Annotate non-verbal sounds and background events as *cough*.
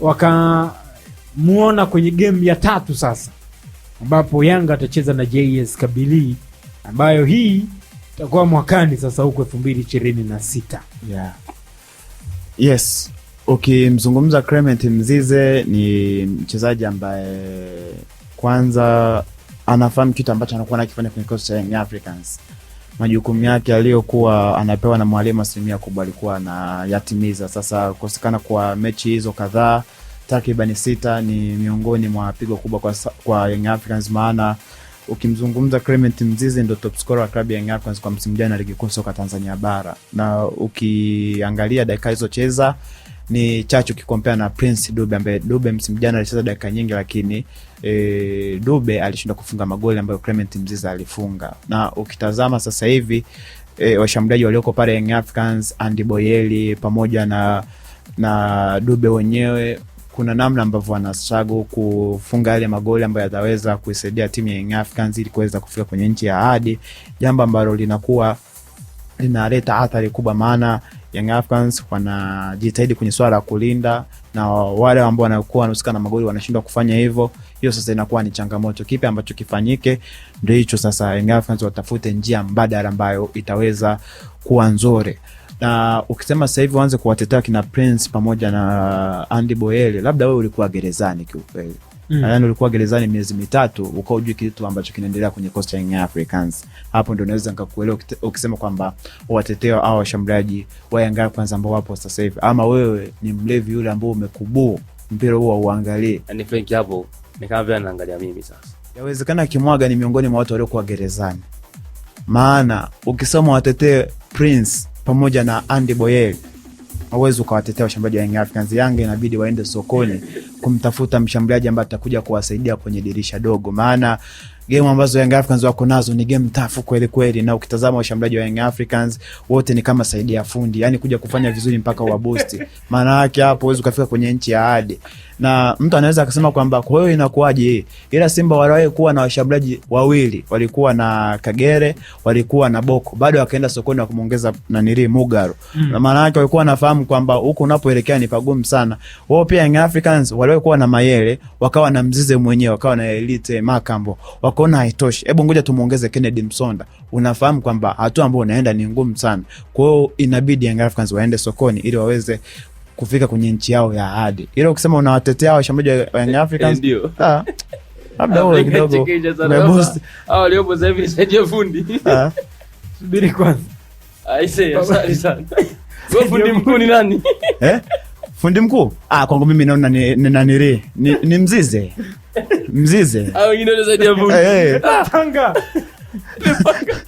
wakamwona kwenye game ya tatu sasa, ambapo Yanga atacheza na JS Kabili, ambayo hii itakuwa mwakani sasa huko elfu mbili ishirini na sita. Yeah. Yes, ukimzungumza okay, Clement Mzize ni mchezaji ambaye kwanza anafahamu kitu ambacho anakuwa nakifanya kwenye kikosi cha Young Africans majukumu yake aliyokuwa anapewa na mwalimu asilimia kubwa alikuwa anayatimiza. Sasa kukosekana kwa mechi hizo kadhaa takribani sita ni miongoni mwa pigo kubwa kwa, kwa Young Africans, maana ukimzungumza Clement mzizi ndo top scorer wa klabu ya Young Africans kwa msimu jana ligi kuu soka Tanzania bara, na ukiangalia dakika alizocheza ni chachu kikompea na Prince Dube ambaye Dube msimjana alicheza dakika nyingi, lakini e, Dube alishindwa kufunga magoli ambayo Clement Mziza alifunga, na ukitazama sasa hivi e, washambuliaji walioko pale Young Africans Andy Boyeli pamoja na, na Dube wenyewe kuna namna ambavyo wana struggle kufunga yale magoli ambayo yataweza kuisaidia timu ya Young Africans ili kuweza kufika kwenye nchi ya ahadi, jambo ambalo linakuwa linaleta athari kubwa, maana Young Africans wanajitahidi kwenye swala la kulinda, na wale ambao wanakuwa wanahusika na magoli wanashindwa kufanya hivyo. Hiyo sasa inakuwa ni changamoto. Kipi ambacho kifanyike? Ndio hicho sasa, Young Africans watafute njia mbadala ambayo itaweza kuwa nzuri na ukisema sasa hivi uanze kuwatetea kina Prince pamoja na Andy Boyele, labda wewe ulikuwa gerezani kiukweli Mm. ulikuwa gerezani miezi mitatu ukawa ujui kitu ambacho kinaendelea kwenye Coast ya Africans. Hapo ndio naweza nikakuelewa ukisema kwamba watetea au washambuliaji wa kwanza Africans ambao wapo sasa hivi, ama wewe ni mlevi yule ambao umekubuu mpira huo uangalie. Ni yaani Frank hapo ni kama vile mimi sasa. Yawezekana Kimwaga ni miongoni mwa watu waliokuwa gerezani, maana ukisoma watetee Prince pamoja na Andy Boyeli hauwezi ukawatetea washambuliaji wa Young Africans. Yanga inabidi waende sokoni kumtafuta mshambuliaji ambaye atakuja kuwasaidia kwenye dirisha dogo maana game ambazo Young Africans wako nazo ni game tafu kweli kweli, na ukitazama washambuliaji wa Young Africans wote ni kama saidi ya fundi, yani kuja kufanya vizuri mpaka wa boost, *laughs* maana yake hapo uweze kufika kwenye nchi ya ahadi. Na mtu anaweza akasema kwamba kwa hiyo inakuwaje? Ila Simba waliwahi kuwa na washambuliaji wawili, walikuwa na Kagere, walikuwa na Boko, bado wakaenda sokoni wakamwongeza nanili Mugaro mm. na maana yake walikuwa nafahamu kwamba huko unapoelekea ni pagumu sana. Wao pia Young Africans waliwahi kuwa na Mayele, wakawa na Mzize mwenyewe, wakawa na Elite Makambo wakawa akaona haitoshi, hebu ngoja tumwongeze Kennedy Msonda. Unafahamu kwamba hatua ambayo unaenda ni ngumu sana, kwahio inabidi Young Africans waende sokoni ili waweze kufika kwenye nchi yao ya ahadi. Ila ukisema unawatetea washambaji wa Young eh, Africans eh, ah, labda wewe kidogo umeboost ah. ah, fundi, mkuu ni nani? Eh? fundi mkuu? kwangu mimi naona ni nanirii ni mzize mzize au ingine zaidi ya vumbi panga *laughs*